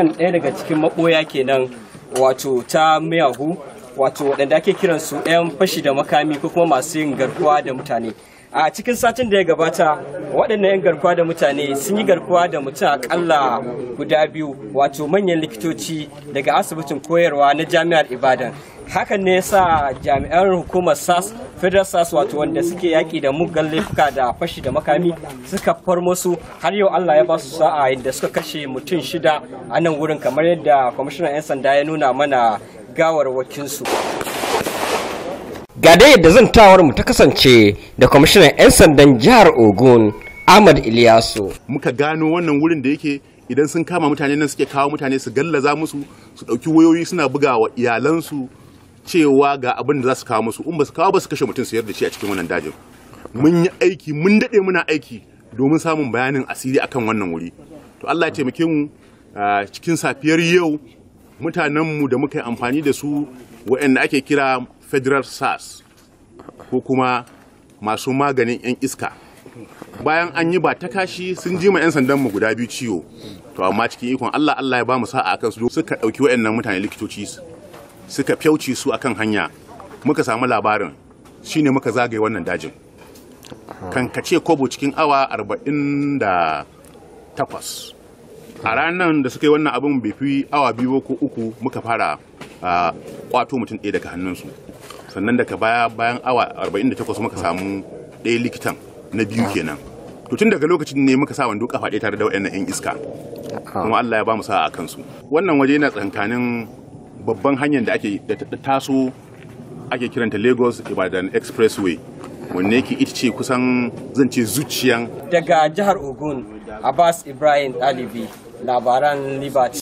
kan ɗaya daga cikin maɓoya kenan wato ta miyahu wato waɗanda ake kiransu 'yan fashi da makami ko kuma masu yin garkuwa da mutane. a cikin satin da ya gabata waɗannan 'yan garkuwa da mutane sun yi garkuwa da mutum akalla guda biyu wato manyan likitoci daga asibitin koyarwa na jami'ar ibadan hakan ne sa jami'an hukumar sas federal sas wato wanda suke yaƙi da muggan laifuka da fashi da makami suka farmo su har yau allah ya ba su sa'a inda suka kashe mutum shida a nan wurin kamar yadda kwamishinan 'yan sanda ya nuna mana gawar su. ga dai yadda zantawar mu ta kasance da kwamishinan 'yan sandan jihar ogun ahmad iliyasu muka gano wannan wurin da yake idan sun kama mutane nan suke kawo mutane su gallaza musu su ɗauki wayoyi suna buga wa iyalansu cewa ga abin da za su kawo musu in ba su kawo ba su kashe mutum su yarda shi a cikin wannan dajin mun yi aiki mun daɗe muna aiki domin samun bayanin asiri akan wannan wuri to Allah ya taimake mu cikin safiyar yau mutanenmu da muka yi amfani da su waɗanda ake kira federal sars ko kuma masu maganin 'yan iska bayan an yi ba ta kashi sun ji ma 'yan sandanmu guda biyu ciwo to amma cikin ikon allah allah ya ba mu sa'a akan su suka ɗauki waɗannan mutane likitoci suka fyauce su akan hanya muka samu labarin shine muka zagaye wannan dajin kankace kobo cikin awa 48 a ranar da suka yi wannan abin bai fi awa biyu ko uku muka fara kwato ah, mutum ɗaya daga hannunsu sannan daga baya bayan awa 48 muka samu ɗaya likitan na biyu ah. kenan to tun daga lokacin ne muka sa wando kafa ɗaya tare da waɗannan 'yan iska ah. kuma Allah ya ba mu sa'a a kansu wannan waje yana tsankanin babban hanyar da ake da taso ake kiranta Lagos Ibadan Expressway wanne yake ita ce kusan zance zuciyan daga jihar Ogun Abbas Ibrahim Alibi labaran Liberty